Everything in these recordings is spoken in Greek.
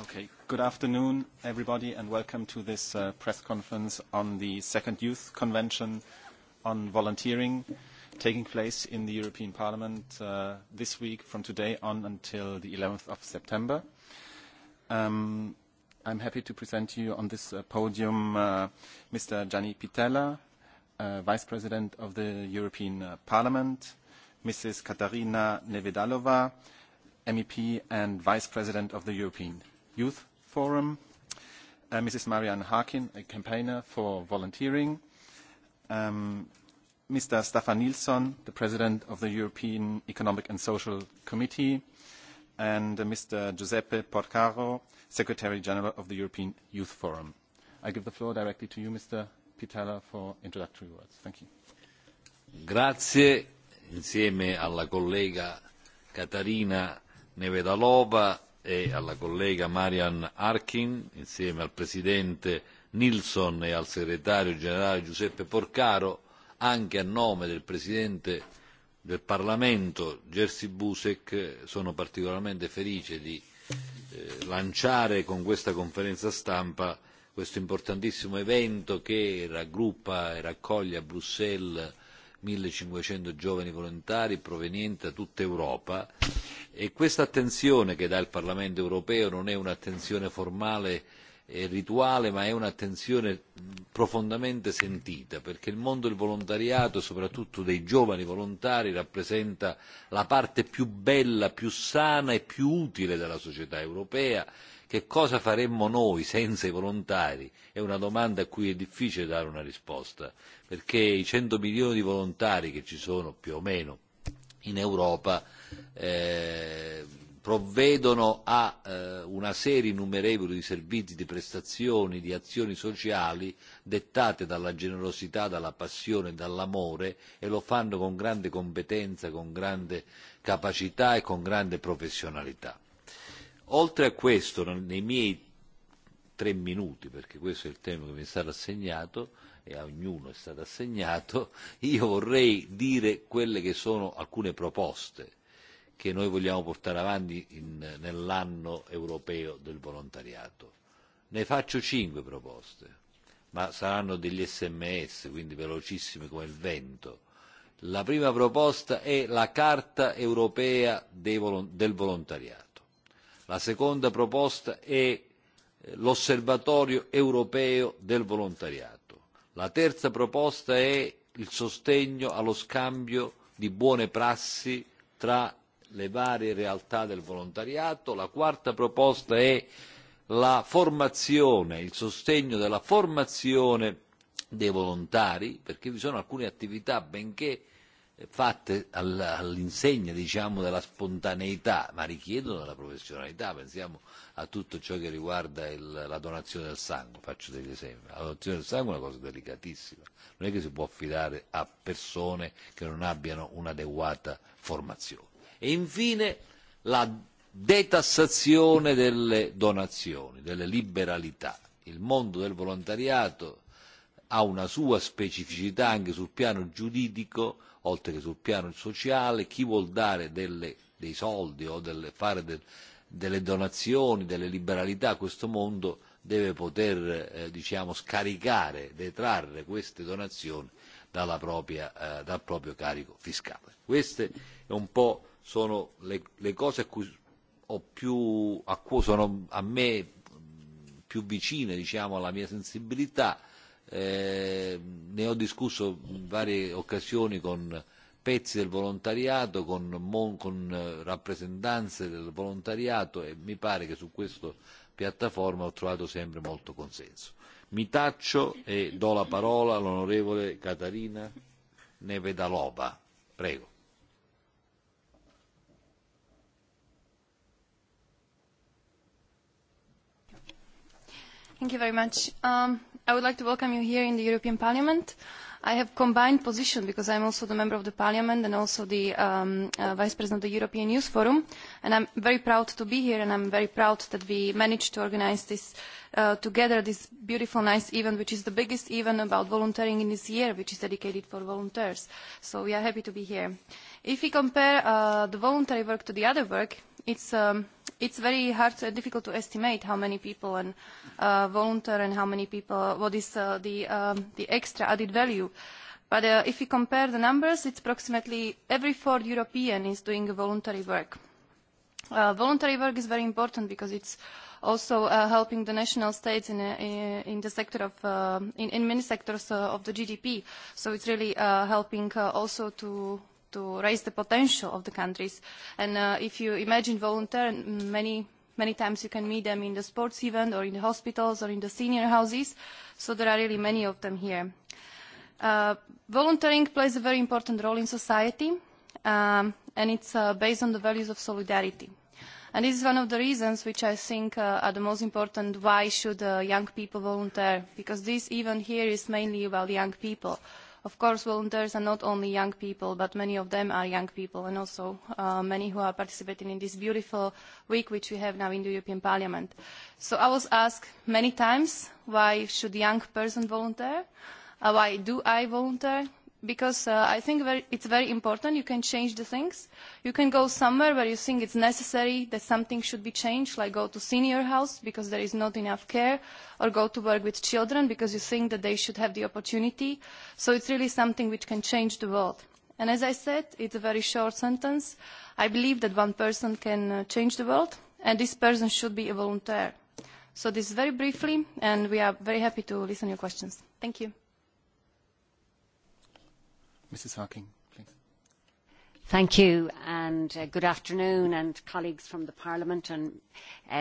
Okay. Good afternoon, everybody, and welcome to this press conference on the Second Youth Convention on Volunteering, taking place in the European Parliament this week, from today on until the 11th of September. I'm happy to present to you on this podium Mr. Gianni Pitella, Vice President of the European Parliament, Mrs. Katarina Nevedalova, MEP and Vice President of the European Youth Forum, Mrs. Marianne Harkin, a campaigner for volunteering, Mr. Staffan Nilsson, the President of the European Economic and Social Committee, and Mr. Giuseppe Porcaro, Secretary General of the European Youth Forum. I give the floor directly to you, Mr. Pitella, for introductory words. Thank you. Grazie. Insieme alla collega Katarina Nevedalova e alla collega Marian Harkin, insieme al Presidente Nilsson e al Segretario Generale Giuseppe Porcaro, anche a nome del Presidente del Parlamento Jerzy Busek, sono particolarmente felice di lanciare con questa conferenza stampa questo importantissimo evento che raggruppa e raccoglie a Bruxelles 1500 giovani volontari provenienti da tutta Europa e questa attenzione che dà il Parlamento europeo non è un'attenzione formale e rituale ma è un'attenzione profondamente sentita perché il mondo del volontariato soprattutto dei giovani volontari rappresenta la parte più bella, più sana e più utile della società europea. Che cosa faremmo noi senza i volontari? È una domanda a cui è difficile dare una risposta perché i 100 milioni di volontari che ci sono più o meno in Europa provvedono a una serie innumerevole di servizi, di prestazioni, di azioni sociali dettate dalla generosità, dalla passione, dall'amore e lo fanno con grande competenza, con grande capacità e con grande professionalità. Oltre a questo, nei miei tre minuti, perché questo è il tema che mi è stato assegnato e a ognuno è stato assegnato, io vorrei dire quelle che sono alcune proposte che noi vogliamo portare avanti nell'anno europeo del volontariato. Ne faccio cinque proposte, ma saranno degli sms, quindi velocissimi come il vento. La prima proposta è la Carta europea del volontariato. La seconda proposta è l'Osservatorio europeo del volontariato. La terza proposta è il sostegno allo scambio di buone prassi tra le varie realtà del volontariato. La quarta proposta è la formazione, il sostegno della formazione dei volontari, perché vi sono alcune attività, benché fatte all'insegna diciamo della spontaneità ma richiedono la professionalità pensiamo a tutto ciò che riguarda la donazione del sangue faccio degli esempi la donazione del sangue è una cosa delicatissima non è che si può affidare a persone che non abbiano un'adeguata formazione e infine la detassazione delle donazioni, delle liberalità. Il mondo del volontariato ha una sua specificità anche sul piano giuridico, oltre che sul piano sociale, chi vuol dare dei soldi o fare delle donazioni, delle liberalità a questo mondo deve poter diciamo scaricare, detrarre queste donazioni dal proprio carico fiscale. è un po' sono le cose a cui ho più sono a me più vicine diciamo alla mia sensibilità ne ho discusso in varie occasioni con pezzi del volontariato con con rappresentanze del volontariato e mi pare che su questa piattaforma ho trovato sempre molto consenso. Mi taccio e do la parola all'onorevole Catarina Nevedalova. Prego. Thank you very much. I would like to welcome you here in the European Parliament. I have combined position because I am also the member of the Parliament and also the Vice President of the European Youth Forum, and I am very proud to be here and I am very proud that we managed to organise this together, this beautiful, nice event, which is the biggest event about volunteering in this year, which is dedicated for volunteers. So we are happy to be here. If we compare the voluntary work to the other work, it's it's very hard and difficult to estimate how many people and volunteer and how many people what is the the extra added value but if you compare the numbers it's approximately every fourth european is doing voluntary work voluntary work is very important because it's also helping the national states in in the sector of in many sectors of the gdp so it's really helping also to to raise the potential of the countries. And if you imagine volunteer, many many times you can meet them in the sports event or in the hospitals or in the senior houses. So there are really many of them here. Volunteering plays a very important role in society, and it's based on the values of solidarity. And this is one of the reasons which I think are the most important why should young people volunteer, because this event here is mainly about young people Of course, volunteers are not only young people, but many of them are young people and also many who are participating in this beautiful week which we have now in the European Parliament. So I was asked many times, why should young person volunteer? Why do I volunteer? because I think it's very important. You can change the things. You can go somewhere where you think it's necessary that something should be changed, like go to senior house because there is not enough care, or go to work with children because you think that they should have the opportunity. So it's really something which can change the world. And as I said, it's a very short sentence. I believe that one person can change the world, and this person should be a volunteer. So this is very briefly, and we are very happy to listen to your questions. Thank you. Mrs. Hawking, please. Thank you and good afternoon and colleagues from the Parliament and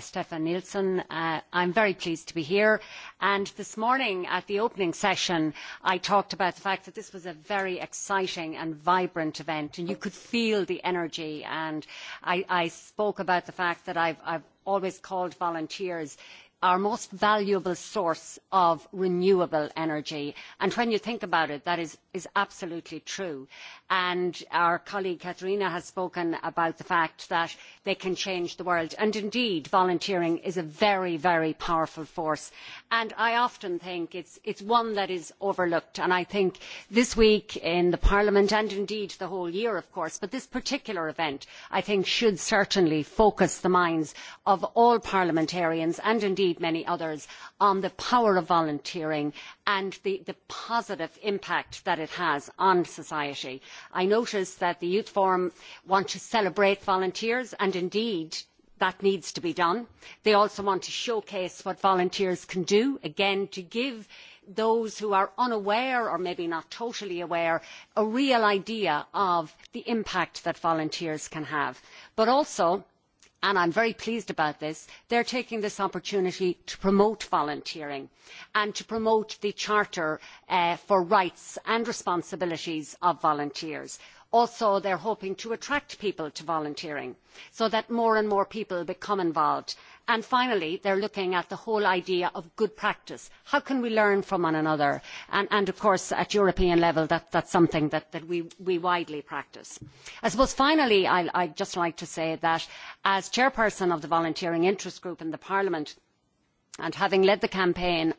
Stefan Nielsen. I'm very pleased to be here and this morning at the opening session I talked about the fact that this was a very exciting and vibrant event and you could feel the energy and I spoke about the fact that I've always called volunteers our most valuable source of renewable energy and when you think about it that is is absolutely true. And our colleague Katharina has spoken about the fact that they can change the world. And indeed, volunteering is a very, very powerful force. And I often think it is one that is overlooked. And I think this week in Parliament, and indeed the whole year, of course, but this particular event, I think, should certainly focus the minds of all parliamentarians and indeed many others on the power of volunteering and the positive impact that it has on society. I notice that the Youth Forum want to celebrate volunteers and indeed that needs to be done. They also want to showcase what volunteers can do, again to give those who are unaware or maybe not totally aware a real idea of the impact that volunteers can have. But also and i am very pleased about this they are taking this opportunity to promote volunteering and to promote the charter for rights and responsibilities of volunteers also they are hoping to attract people to volunteering so that more and more people become involved and finally they are looking at the whole idea of good practice how can we learn from one another and of course at european level that is something that we widely practice. i suppose finally i would just like to say that as chairperson of the volunteering interest group in parliament and having led the campaign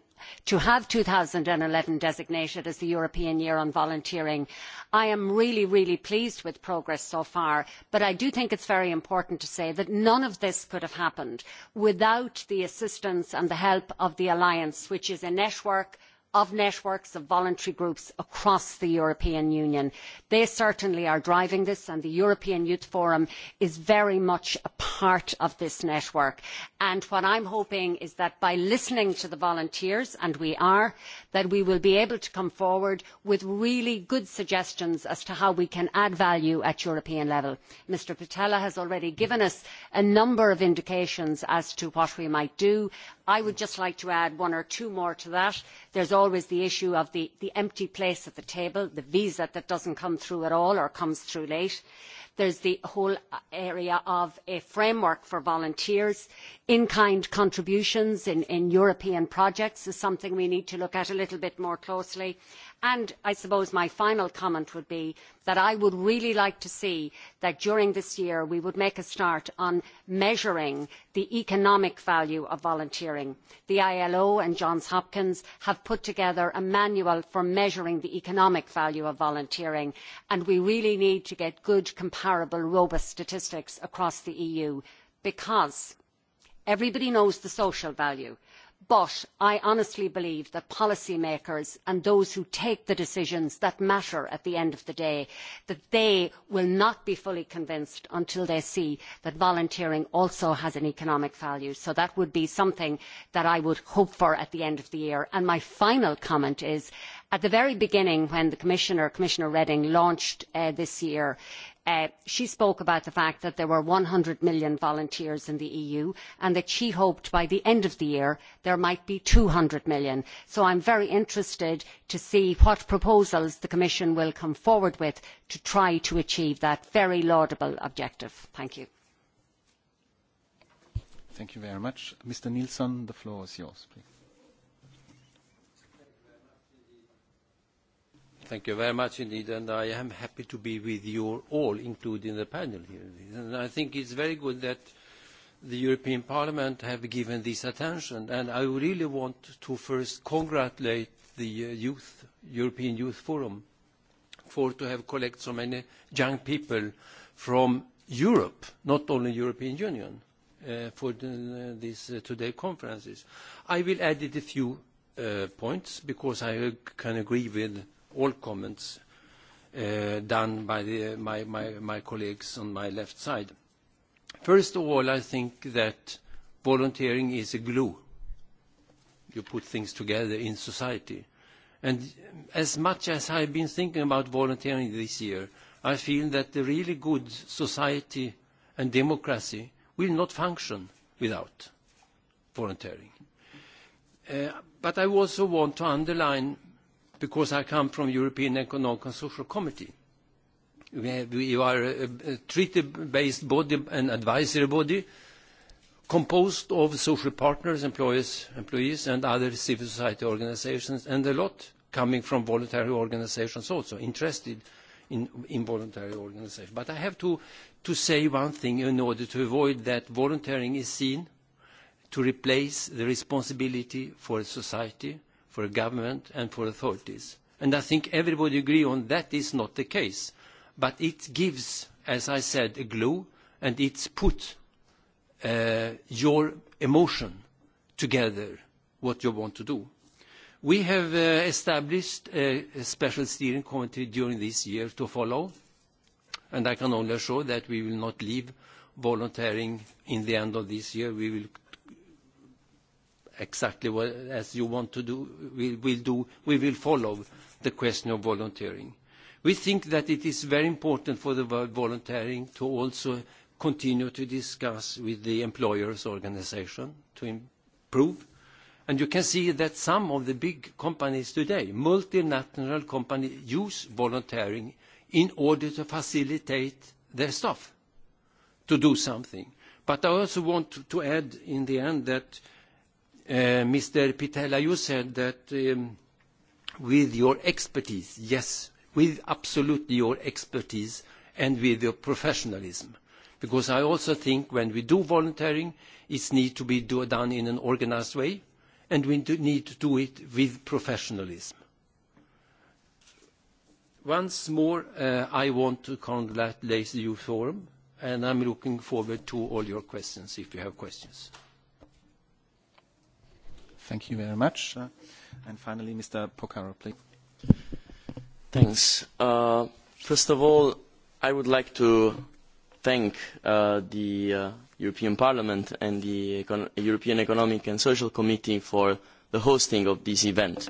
to have 2011 designated as the European Year on Volunteering. I am really, really pleased with progress so far, but I do think it is very important to say that none of this could have happened without the assistance and the help of the Alliance, which is a network of networks of voluntary groups across the European Union. They certainly are driving this and the European Youth Forum is very much a part of this network. And what I'm hoping is that by listening to the volunteers, and we are, that we will be able to come forward with really good suggestions as to how we can add value at European level. Mr. Pittella has already given us a number of indications as to what we might do. I would just like to add one or two more to that always the issue of the empty place at the table, the visa that does not come through at all or comes through late. There's the whole area of a framework for volunteers. In-kind contributions in European projects is something we need to look at a little bit more closely. And I suppose my final comment would be that I would really like to see that during this year we would make a start on measuring the economic value of volunteering. The ILO and Johns Hopkins have put together a manual for measuring the economic value of volunteering and we really need to get good comparison comparable robust statistics across the eu because everybody knows the social value but i honestly believe that policy makers and those who take the decisions that matter at the end of the day will not be fully convinced until they see that volunteering also has an economic value so that would be something that i would hope for at the end of the year. my final comment is at the very beginning when commissioner reding launched this year she spoke about the fact that there were 100 million volunteers in the EU and that she hoped by the end of the year there might be 200 million. So I am very interested to see what proposals the Commission will come forward with to try to achieve that very laudable objective. Thank you. Thank you very much. Mr. Nielsen, the floor is yours, Thank you very much indeed, and I am happy to be with you all, including the panel here. And I think it's very good that the European Parliament have given this attention, and I really want to first congratulate the youth, European Youth Forum for to have collected so many young people from Europe, not only European Union, for these today conferences. I will add a few points because I can agree with all comments done by my colleagues on my left side. First of all, I think that volunteering is a glue. You put things together in society. And as much as I've been thinking about volunteering this year, I feel that the really good society and democracy will not function without volunteering. But I also want to underline because I come from European Economic and Social Committee. We are a treaty-based body, an advisory body, composed of social partners, employers, employees, and other civil society organizations, and a lot coming from voluntary organizations also, interested in voluntary organizations. But I have to to say one thing in order to avoid that volunteering is seen to replace the responsibility for society for government and for authorities. And I think everybody agrees on that is not the case. But it gives, as I said, a glue and it's put your emotion together, what you want to do. We have established a special steering committee during this year to follow, and I can only assure that we will not leave volunteering in the end of this year. We will exactly as you want to do, we will do, we will follow the question of volunteering. We think that it is very important for the volunteering to also continue to discuss with the employers' organisation to improve. And you can see that some of the big companies today, multinational companies, use volunteering in order to facilitate their staff to do something. But I also want to add in the end that Mr. Pittella, you said that with your expertise, yes, with absolutely your expertise and with your professionalism, because I also think when we do volunteering, it needs to be done in an organised way, and we need to do it with professionalism. Once more, I want to congratulate you, Forum, and I'm looking forward to all your questions if you have questions. Thank you very much. And finally, Mr. Pocaro, please. Thanks. First of all, I would like to thank the European Parliament and the European Economic and Social Committee for the hosting of this event.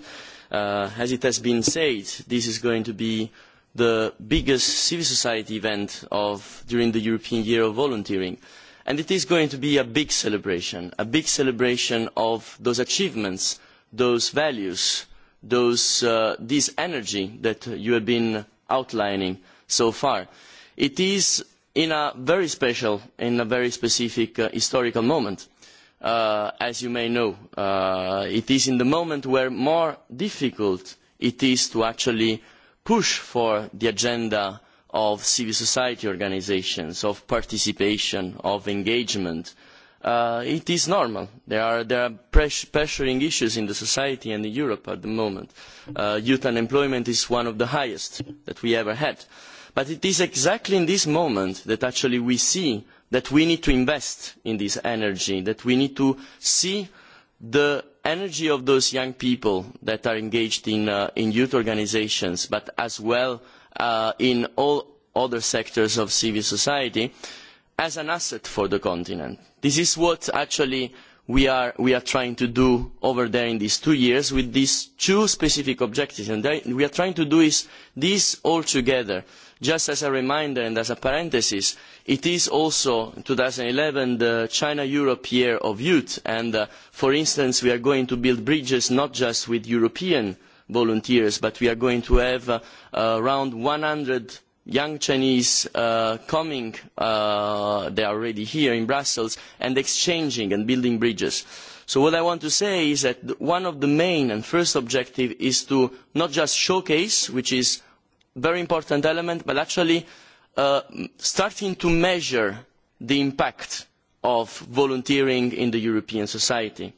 As it has been said, this is going to be the biggest civil society event during the European Year of Volunteering and it is going to be a big celebration a big celebration of those achievements those values this energy that you have been outlining so far. it is in a very special in a very specific historical moment as you may know. it is in the moment where more difficult it is to actually push for the agenda of civil society organisations, of participation, of engagement. It is normal. There are pressuring issues in the society and in Europe at the moment. Youth unemployment is one of the highest that we ever had. But it is exactly in this moment that actually we see that we need to invest in this energy, that we need to see the energy of those young people that are engaged in youth organisations, but as well in all other sectors of civil society as an asset for the continent. This is what actually we are trying to do over there in these two years with these two specific objectives. And we are trying to do this all together. Just as a reminder and as a parenthesis, it is also in 2011 the China-Europe year of youth. And for instance, we are going to build bridges not just with European volunteers, but we are going to have around 100 young Chinese coming, they are already here in Brussels, and exchanging and building bridges. So what I want to say is that one of the main and first objectives is to not just showcase, which is a very important element, but actually starting to measure the impact of volunteering in the European society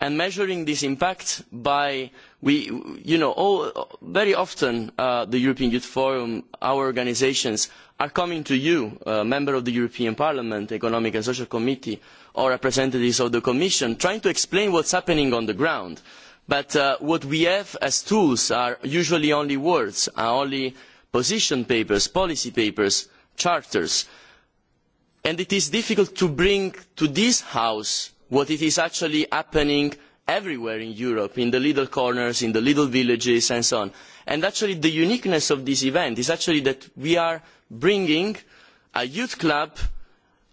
and measuring this impact, by we you know very often the european youth forum our organisations are coming to you member of the european parliament economic and social committee or representatives of the commission trying to explain what's happening on the ground but what we have as tools are usually only words only position papers policy papers charters and it is difficult to bring to this house what is actually happening everywhere in Europe, in the little corners, in the little villages and so on. And actually the uniqueness of this event is actually that we are bringing a youth club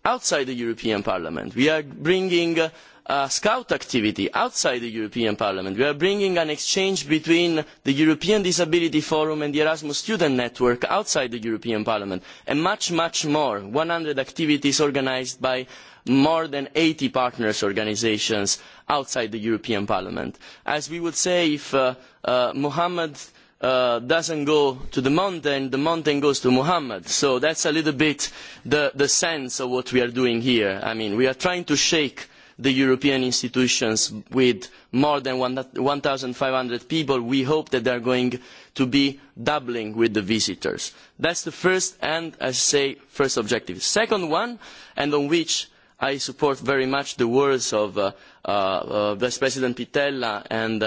outside the European Parliament. We are bringing a scout activity outside the European Parliament. We are bringing an exchange between the European Disability Forum and the Erasmus Student Network outside the European Parliament. And much, much more. 100 activities organised by more than 80 partners organisations outside the European Parliament. As we would say, if does doesn't go to the mountain, the mountain goes to Mohammed. So that's a little bit the sense of what we are doing here. I mean, we are trying to shake the European institutions with more than 1,500 people. We hope that they are going to be doubling with the visitors. That's the first and, as I say, first objective. Second one, and on which I support very much the words of Vice President Pitella and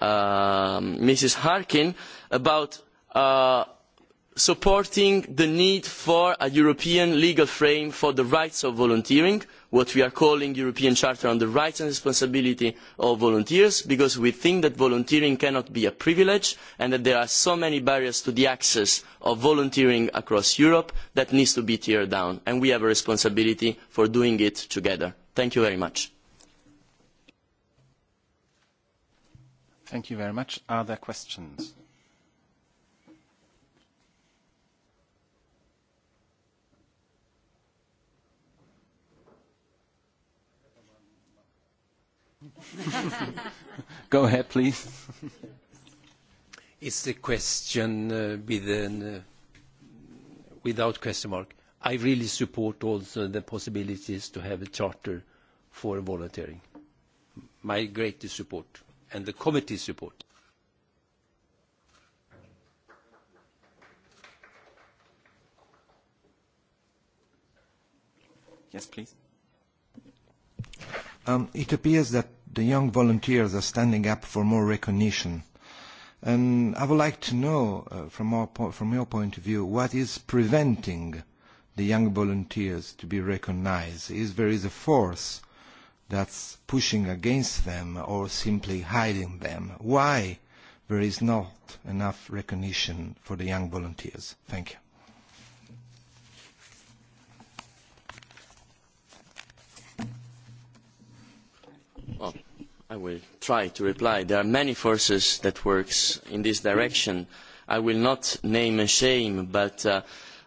Mrs. Harkin about supporting the need for a European legal frame for the rights of volunteering, what we are calling the European Charter on the Rights and Responsibility of Volunteers, because we think that volunteering cannot be a privilege and that there are so many barriers to the access of volunteering across Europe that needs to be teared down, and we have a responsibility for doing it together. Thank you very much. Thank you very much. Are there questions? Go ahead, please. It's a question without question mark. I really support also the possibilities to have a charter for volunteering. My greatest support and the committee's support. Yes, please it appears that the young volunteers are standing up for more recognition. And I would like to know, from your point of view, what is preventing the young volunteers to be recognized? Is there is a force that's pushing against them or simply hiding them? Why there is not enough recognition for the young volunteers? Thank you. I will try to reply. There are many forces that work in this direction. I will not name and shame, but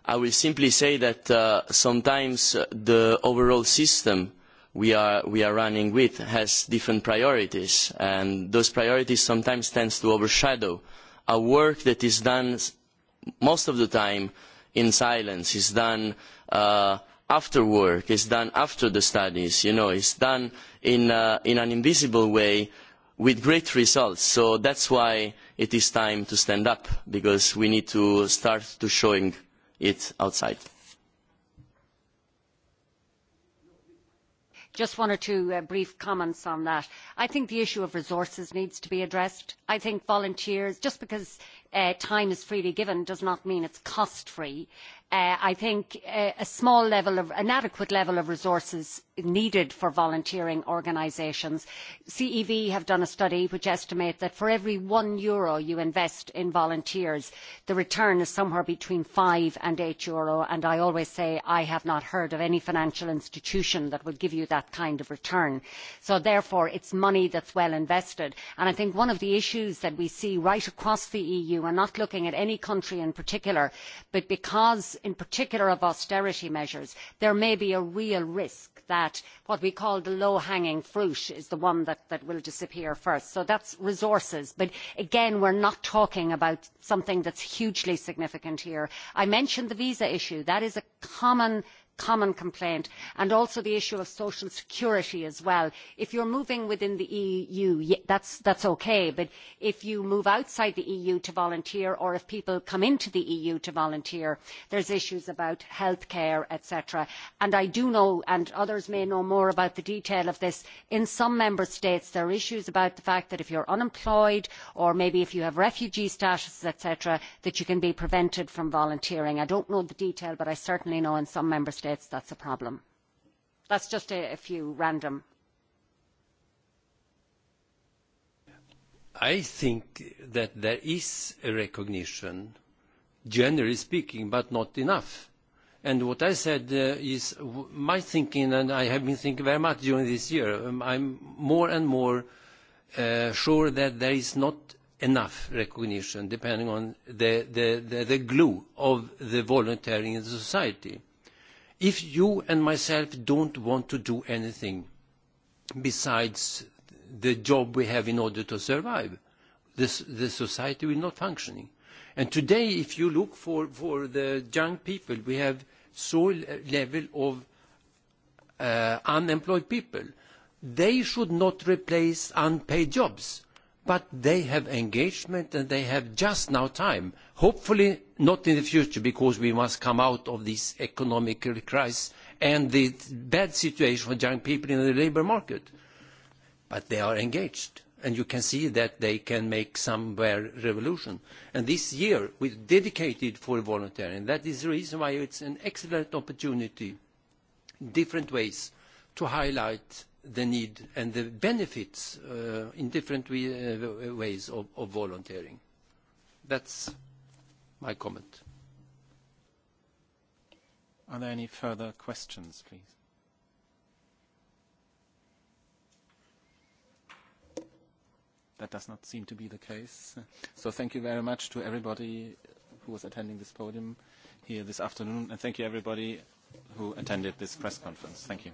I will simply say that sometimes the overall system we are running with has different priorities, and those priorities sometimes tend to overshadow a work that is done most of the time in silence, is done after work is done after the studies you know it's done in an invisible way with great results so that's why it is time to stand up because we need to start to showing it outside just one or two brief comments on that i think the issue of resources needs to be addressed i think volunteers just because time is freely given does not mean it's cost free I think a small level of an adequate level of resources needed for volunteering organisations. CEV have done a study which estimates that for every one euro you invest in volunteers, the return is somewhere between five and eight euro. And I always say I have not heard of any financial institution that would give you that kind of return. So therefore, it's money that's well invested. And I think one of the issues that we see right across the EU, and not looking at any country in particular, but because in particular of austerity measures there may be a real risk that what we call the low hanging fruit is the one that will disappear first. so that's resources but again we're not talking about something that is hugely significant here. i mentioned the visa issue that is a common common complaint and also the issue of social security as well. if you're moving within the eu that's that's okay. but if you move outside the eu to volunteer or if people come into the eu to volunteer there's issues about healthcare etc. And i do know and others may know more about the detail of this in some member states there are issues about the fact that if you're unemployed or maybe if you have refugee status etc. that you can be prevented from volunteering. i don't know the detail but i certainly know in some member states that's a problem. That's just a few random. I think that there is a recognition, generally speaking, but not enough. And what I said is my thinking, and I have been thinking very much during this year. I'm more and more sure that there is not enough recognition, depending on the glue of the voluntary in society If you and myself don't want to do anything besides the job we have in order to survive, the society will not functioning. And today, if you look for the young people, we have so level of unemployed people. They should not replace unpaid jobs but they have engagement and they have just now time. Hopefully not in the future because we must come out of this economic crisis and the bad situation for young people in the labour market. But they are engaged and you can see that they can make somewhere revolution. And this year we dedicated for volunteering. That is the reason why it's an excellent opportunity, different ways to highlight the need and the benefits in different ways of volunteering. That's my comment. Are there any further questions, please? That does not seem to be the case. So thank you very much to everybody who was attending this podium here this afternoon, and thank you everybody who attended this press conference. Thank you.